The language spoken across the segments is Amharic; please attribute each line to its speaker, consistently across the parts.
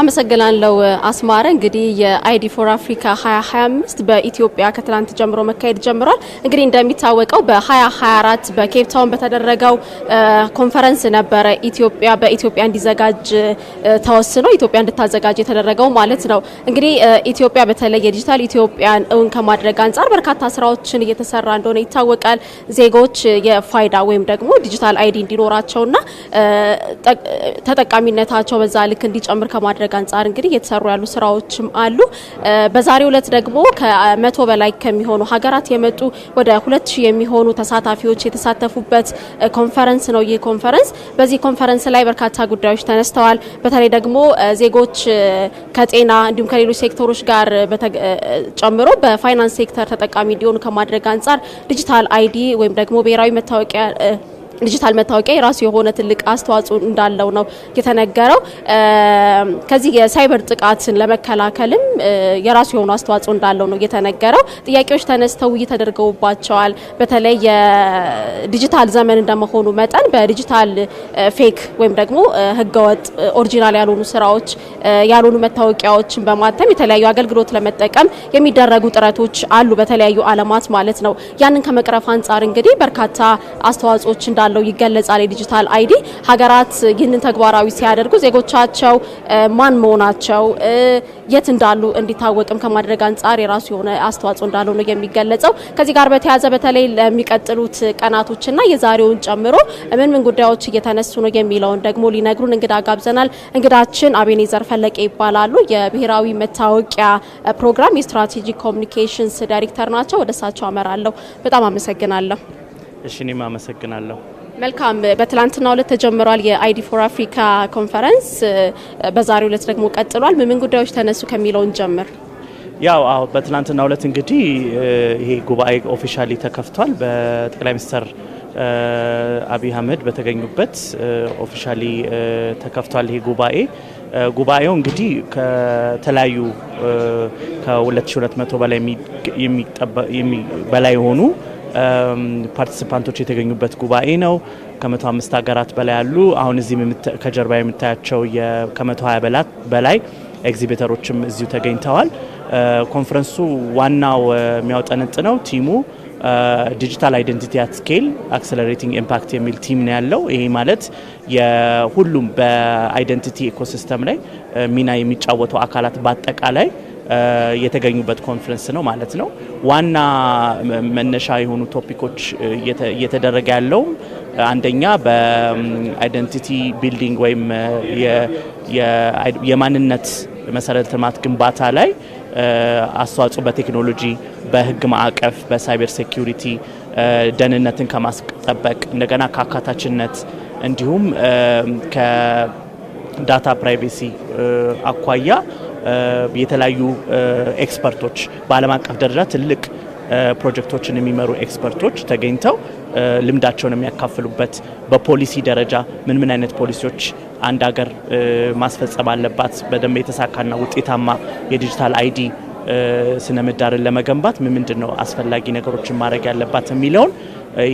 Speaker 1: አመሰግናለው አስማረ። እንግዲህ የአይዲ ፎር አፍሪካ 2025 በኢትዮጵያ ከትናንት ጀምሮ መካሄድ ጀምሯል። እንግዲህ እንደሚታወቀው በ2024 በኬፕ ታውን በተደረገው ኮንፈረንስ ነበረ ኢትዮጵያ በኢትዮጵያ እንዲዘጋጅ ተወስኖ ኢትዮጵያ እንድታዘጋጅ የተደረገው ማለት ነው። እንግዲህ ኢትዮጵያ በተለይ የዲጂታል ኢትዮጵያን እውን ከማድረግ አንጻር በርካታ ስራዎችን እየተሰራ እንደሆነ ይታወቃል። ዜጎች የፋይዳ ወይም ደግሞ ዲጂታል አይዲ እንዲኖራቸውና ተጠቃሚነታቸው በዛ ልክ እንዲጨምር ከማድረግ ከማድረግ አንጻር እንግዲህ የተሰሩ ያሉ ስራዎችም አሉ። በዛሬው ዕለት ደግሞ ከመቶ በላይ ከሚሆኑ ሀገራት የመጡ ወደ ሁለት ሺህ የሚሆኑ ተሳታፊዎች የተሳተፉበት ኮንፈረንስ ነው። ይህ ኮንፈረንስ በዚህ ኮንፈረንስ ላይ በርካታ ጉዳዮች ተነስተዋል። በተለይ ደግሞ ዜጎች ከጤና እንዲሁም ከሌሎች ሴክተሮች ጋር ጨምሮ በፋይናንስ ሴክተር ተጠቃሚ እንዲሆኑ ከማድረግ አንጻር ዲጂታል አይዲ ወይም ደግሞ ብሔራዊ መታወቂያ ዲጂታል መታወቂያ የራሱ የሆነ ትልቅ አስተዋጽኦ እንዳለው ነው የተነገረው። ከዚህ የሳይበር ጥቃትን ለመከላከልም የራሱ የሆኑ አስተዋጽኦ እንዳለው ነው እየተነገረው። ጥያቄዎች ተነስተው ውይይት ተደርገውባቸዋል። በተለይ የዲጂታል ዘመን እንደመሆኑ መጠን በዲጂታል ፌክ ወይም ደግሞ ህገወጥ ኦሪጂናል ያልሆኑ ስራዎች ያልሆኑ መታወቂያዎችን በማተም የተለያዩ አገልግሎት ለመጠቀም የሚደረጉ ጥረቶች አሉ፣ በተለያዩ አለማት ማለት ነው። ያንን ከመቅረፍ አንጻር እንግዲህ በርካታ አስተዋጽኦች እንዳለው ይገለጻል። የዲጂታል አይዲ ሀገራት ይህንን ተግባራዊ ሲያደርጉ ዜጎቻቸው ማን መሆናቸው የት እንዳሉ እንዲታወቅም ከማድረግ አንጻር የራሱ የሆነ አስተዋጽኦ እንዳለው ነው የሚገለጸው። ከዚህ ጋር በተያያዘ በተለይ ለሚቀጥሉት ቀናቶችና የዛሬውን ጨምሮ ምን ምን ጉዳዮች እየተነሱ ነው የሚለውን ደግሞ ሊነግሩን እንግዳ ጋብዘናል። እንግዳችን አቤኔዘር ፈለቀ ይባላሉ። የብሔራዊ መታወቂያ ፕሮግራም የስትራቴጂክ ኮሚኒኬሽንስ ዳይሬክተር ናቸው። ወደ እሳቸው አመራለሁ። በጣም አመሰግናለሁ።
Speaker 2: እሺ እኔም አመሰግናለሁ።
Speaker 1: መልካም በትላንትና ሁለት ተጀምሯል የአይዲ ፎር አፍሪካ ኮንፈረንስ በዛሬ ሁለት ደግሞ ቀጥሏል። ምን ጉዳዮች ተነሱ ከሚለውን ጀምር።
Speaker 2: ያው አሁ በትላንትና ሁለት እንግዲህ ይሄ ጉባኤ ኦፊሻሊ ተከፍቷል በጠቅላይ ሚኒስትር አብይ አህመድ በተገኙበት ኦፊሻሊ ተከፍቷል ይሄ ጉባኤ። ጉባኤው እንግዲህ ከተለያዩ ከ2200 በላይ በላይ የሆኑ ፓርቲሲፓንቶች የተገኙበት ጉባኤ ነው። ከመቶ አምስት ሀገራት በላይ ያሉ አሁን እዚህ ከጀርባ የምታያቸው ከመቶ ሀያ በላይ ኤግዚቢተሮችም እዚሁ ተገኝተዋል። ኮንፈረንሱ ዋናው የሚያውጠነጥነው ቲሙ ዲጂታል አይደንቲቲ አት ስኬል አክሰለሬቲንግ ኢምፓክት የሚል ቲም ነው ያለው። ይሄ ማለት የሁሉም በአይደንቲቲ ኢኮሲስተም ላይ ሚና የሚጫወቱ አካላት በአጠቃላይ የተገኙበት ኮንፈረንስ ነው ማለት ነው። ዋና መነሻ የሆኑ ቶፒኮች እየተደረገ ያለውም አንደኛ በአይደንቲቲ ቢልዲንግ ወይም የማንነት መሰረተ ልማት ግንባታ ላይ አስተዋጽኦ በቴክኖሎጂ በህግ ማዕቀፍ፣ በሳይበር ሴኪሪቲ፣ ደህንነትን ከማስጠበቅ እንደገና ከአካታችነት እንዲሁም ከዳታ ፕራይቬሲ አኳያ የተለያዩ ኤክስፐርቶች በዓለም አቀፍ ደረጃ ትልቅ ፕሮጀክቶችን የሚመሩ ኤክስፐርቶች ተገኝተው ልምዳቸውን የሚያካፍሉበት በፖሊሲ ደረጃ ምን ምን አይነት ፖሊሲዎች አንድ ሀገር ማስፈጸም አለባት በደንብ የተሳካና ውጤታማ የዲጂታል አይዲ ስነ ምህዳርን ለመገንባት ምን ምንድን ነው አስፈላጊ ነገሮችን ማድረግ ያለባት የሚለውን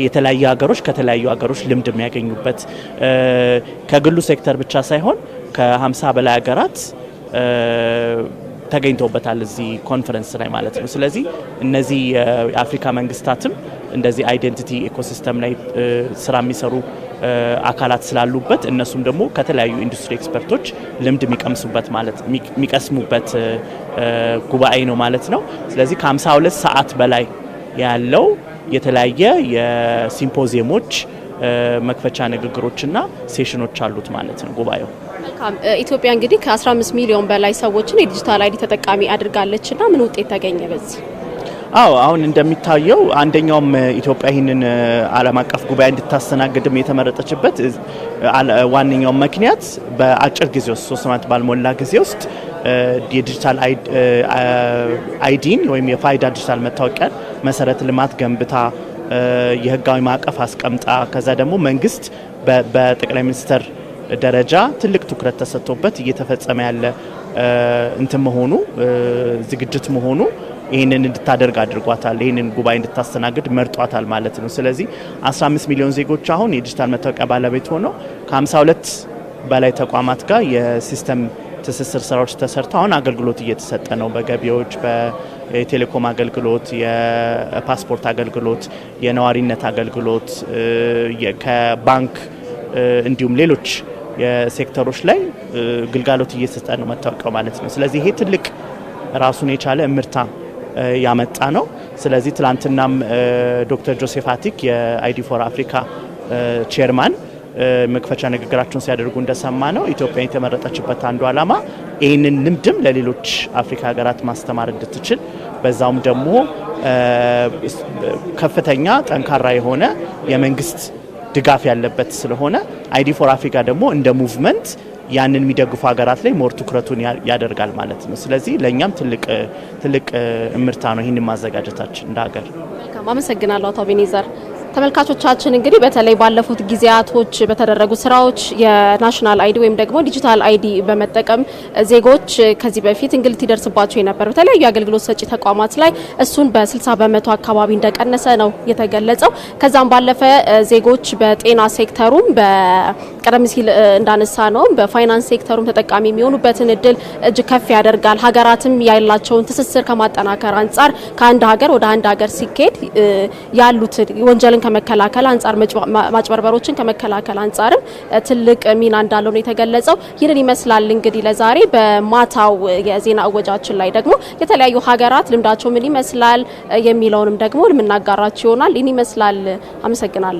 Speaker 2: የተለያዩ ሀገሮች ከተለያዩ ሀገሮች ልምድ የሚያገኙበት ከግሉ ሴክተር ብቻ ሳይሆን ከ50 በላይ ሀገራት ተገኝተውበታል እዚህ ኮንፈረንስ ላይ ማለት ነው። ስለዚህ እነዚህ የአፍሪካ መንግስታትም እንደዚህ አይደንቲቲ ኢኮሲስተም ላይ ስራ የሚሰሩ አካላት ስላሉበት እነሱም ደግሞ ከተለያዩ ኢንዱስትሪ ኤክስፐርቶች ልምድ የሚቀምሱበት ማለት የሚቀስሙበት ጉባኤ ነው ማለት ነው። ስለዚህ ከ52 ሰዓት በላይ ያለው የተለያየ የሲምፖዚየሞች መክፈቻ ንግግሮችና ሴሽኖች አሉት ማለት ነው ጉባኤው።
Speaker 1: መልካም ኢትዮጵያ እንግዲህ ከ15 ሚሊዮን በላይ ሰዎችን የዲጂታል አይዲ ተጠቃሚ አድርጋለች ና ምን ውጤት ተገኘ በዚህ?
Speaker 2: አዎ አሁን እንደሚታየው አንደኛውም ኢትዮጵያ ይህንን አለም አቀፍ ጉባኤ እንድታስተናግድም የተመረጠችበት ዋነኛው ምክንያት በአጭር ጊዜ ውስጥ ሶስት ዓመት ባልሞላ ጊዜ ውስጥ የዲጂታል አይዲን ወይም የፋይዳ ዲጂታል መታወቂያን መሰረተ ልማት ገንብታ የህጋዊ ማዕቀፍ አስቀምጣ ከዛ ደግሞ መንግስት በጠቅላይ ሚኒስትር ደረጃ ትልቅ ትኩረት ተሰጥቶበት እየተፈጸመ ያለ እንትን መሆኑ ዝግጅት መሆኑ ይህንን እንድታደርግ አድርጓታል። ይህንን ጉባኤ እንድታስተናግድ መርጧታል ማለት ነው። ስለዚህ 15 ሚሊዮን ዜጎች አሁን የዲጂታል መታወቂያ ባለቤት ሆነው ከ52 በላይ ተቋማት ጋር የሲስተም ትስስር ስራዎች ተሰርተው አሁን አገልግሎት እየተሰጠ ነው። በገቢዎች፣ የቴሌኮም አገልግሎት፣ የፓስፖርት አገልግሎት፣ የነዋሪነት አገልግሎት ከባንክ እንዲሁም ሌሎች የሴክተሮች ላይ ግልጋሎት እየሰጠ ነው መታወቂያው ማለት ነው። ስለዚህ ይሄ ትልቅ ራሱን የቻለ እምርታ ያመጣ ነው። ስለዚህ ትላንትናም ዶክተር ጆሴፍ አቲክ የአይዲ ፎር አፍሪካ ቼርማን መክፈቻ ንግግራቸውን ሲያደርጉ እንደሰማ ነው ኢትዮጵያ የተመረጠችበት አንዱ ዓላማ ይህንን ልምድም ለሌሎች አፍሪካ ሀገራት ማስተማር እንድትችል በዛውም ደግሞ ከፍተኛ ጠንካራ የሆነ የመንግስት ድጋፍ ያለበት ስለሆነ አይዲ ፎር አፍሪካ ደግሞ እንደ ሙቭመንት ያንን የሚደግፉ ሀገራት ላይ ሞር ትኩረቱን ያደርጋል ማለት ነው። ስለዚህ ለእኛም ትልቅ እምርታ ነው ይህንን ማዘጋጀታችን እንደ ሀገር።
Speaker 1: አመሰግናለሁ አቶ አቤኔዘር። ተመልካቾቻችን እንግዲህ በተለይ ባለፉት ጊዜያቶች በተደረጉ ስራዎች የናሽናል አይዲ ወይም ደግሞ ዲጂታል አይዲ በመጠቀም ዜጎች ከዚህ በፊት እንግልት ይደርስባቸው የነበር በተለያዩ አገልግሎት ሰጪ ተቋማት ላይ እሱን በ60 በመቶ አካባቢ እንደቀነሰ ነው የተገለጸው። ከዛም ባለፈ ዜጎች በጤና ሴክተሩም በቀደም ሲል እንዳነሳ ነው በፋይናንስ ሴክተሩም ተጠቃሚ የሚሆኑበትን እድል እጅግ ከፍ ያደርጋል። ሀገራትም ያላቸውን ትስስር ከማጠናከር አንጻር ከአንድ ሀገር ወደ አንድ ሀገር ሲካሄድ ያሉትን ወንጀል። ወንጀሎችን ከመከላከል አንጻር ማጭበርበሮችን ከመከላከል አንጻርም ትልቅ ሚና እንዳለው ነው የተገለጸው። ይህንን ይመስላል እንግዲህ ለዛሬ በማታው የዜና እወጃችን ላይ ደግሞ የተለያዩ ሀገራት ልምዳቸው ምን ይመስላል የሚለውንም ደግሞ የምናጋራችሁ ይሆናል። ይህን ይመስላል። አመሰግናለሁ።